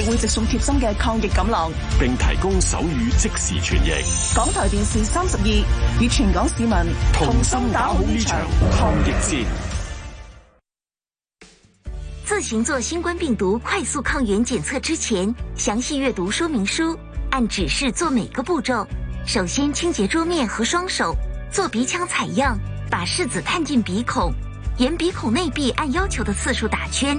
亦會直送貼心嘅抗疫錦囊，並提供手語即時傳譯。港台電視三十二與全港市民同心打好呢場抗疫戰。自行做新冠病毒快速抗原檢測之前，詳細閱讀說明書，按指示做每個步驟。首先清潔桌面和雙手，做鼻腔採樣，把拭子探進鼻孔，沿鼻孔內壁按要求的次數打圈。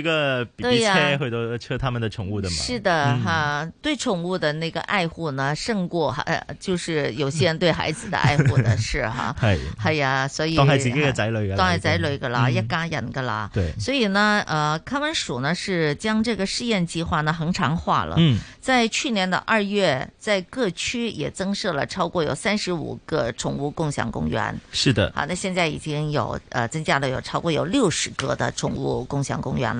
這個比車會都車他們的寵物的嗎是的、嗯、哈，對寵物的那個愛護呢，勝過呃，就是有些人對孩子的愛護的 是哈。係係啊，所以當係自己嘅仔女嘅，當係仔女嘅啦，一家人嘅啦。嗯、對，所以呢，呃，康文署呢是將這個試驗計劃呢恆常化了。嗯，在去年的二月，在各區也增設了超過有三十五個寵物共享公園。是的。好，那現在已經有呃增加了有超過有六十個的寵物共享公園。了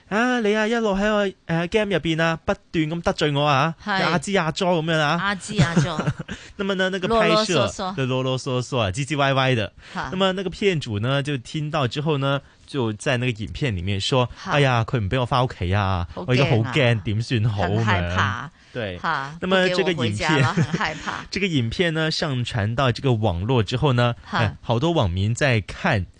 啊，你啊，一路喺我誒 game 入邊啊，不斷咁得罪我啊，亞支亞助咁樣啊，阿支亞那麼呢那個拍攝嗦嗦，就囉囉嗦嗦，唧唧歪歪的。那麼那個騙主呢，就聽到之後呢，就在那個影片裏面說，哎呀，佢唔俾我發 OK 啊，我好驚，點算好，害怕對，那麼這個影片，這個影片呢，上傳到這個網絡之後呢，好多網民在看。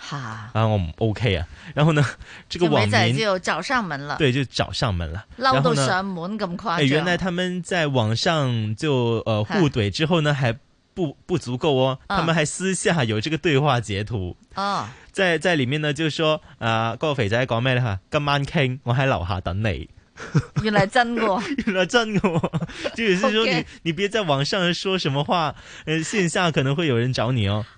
哈啊，我 OK 啊，然後呢，這個網仔就，就找上門了，對，就找上門了，撈到上門咁誇張，哎。原來他們在網上就，呃互、哎、懟之後呢，還不不足夠哦，嗯、他們還私下有這個對話截圖。啊、嗯、在在裏面呢，就說，啊、呃，嗰個肥仔講咩咧吓，今晚傾，我喺樓下等你。原來真嘅， 原來真嘅， 就元叔說你 Okay. 你別在網上說什麼話，呃線下可能會有人找你哦。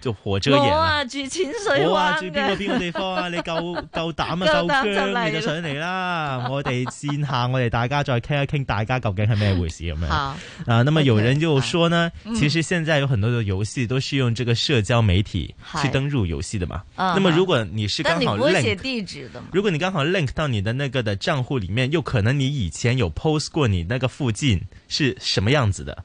就火遮眼啊！清我啊住淺水灣嘅。我話住邊個邊個地方啊？你夠夠膽啊？夠姜、啊、膽你就上嚟啦！ 我哋綫下我哋大家再傾一傾，大家究竟係咩回事？有冇啊？啊，那麼有人就說呢？Okay, 其實現在有很多嘅遊戲都是用這個社交媒體去登入遊戲的嘛。嗯、那麼如果你是剛好 link，你如果你剛好 link 到你的那個的賬戶裏面，又可能你以前有 post 過你那個附近是什麼樣子的。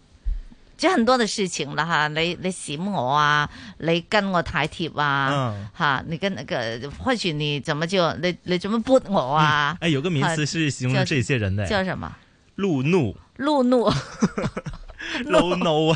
即很多的事情啦吓，你你閃我啊，你跟我太貼啊，吓、嗯啊，你跟，那個，或許你怎麼叫，你你怎麼撥我啊？誒、嗯哎，有個名詞是形容這些人的，叫什麼？路怒。路怒。no 啊 怒。 路怒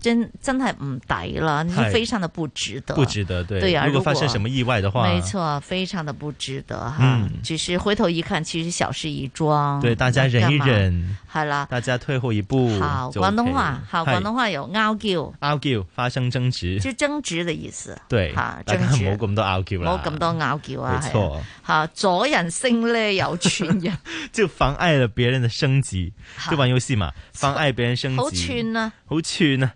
真真係唔抵喇，非常的不值得，不值得，對。對呀，如果發生什麼意外的話，沒錯，非常的不值得哈。嗯，只是回頭一看，其實小事一樁。對，大家忍一忍。好了，大家退後一步。好，廣東話好，廣東話有拗撬，拗撬發生爭執，就爭執的意思。對，哈，大家冇咁多拗撬啦，冇咁多拗撬啊，沒錯。哈，阻人升呢又串人，就妨礙了別人的升級。就玩遊戲嘛，妨礙別人升級，好串啊，好串啊。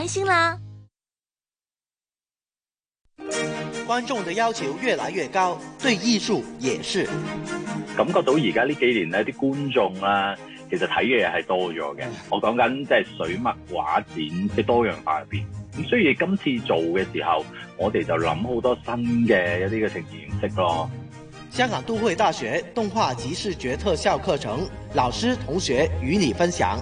開心啦！觀眾的要求越來越高，對藝術也是。感覺到而家呢幾年呢啲觀眾啊，其實睇嘅嘢係多咗嘅。我講緊即係水墨畫展嘅多樣化入邊。咁所以今次做嘅時候，我哋就諗好多新嘅一啲嘅呈現形式咯。香港都會大學動畫及視覺特效課程老師同學與你分享。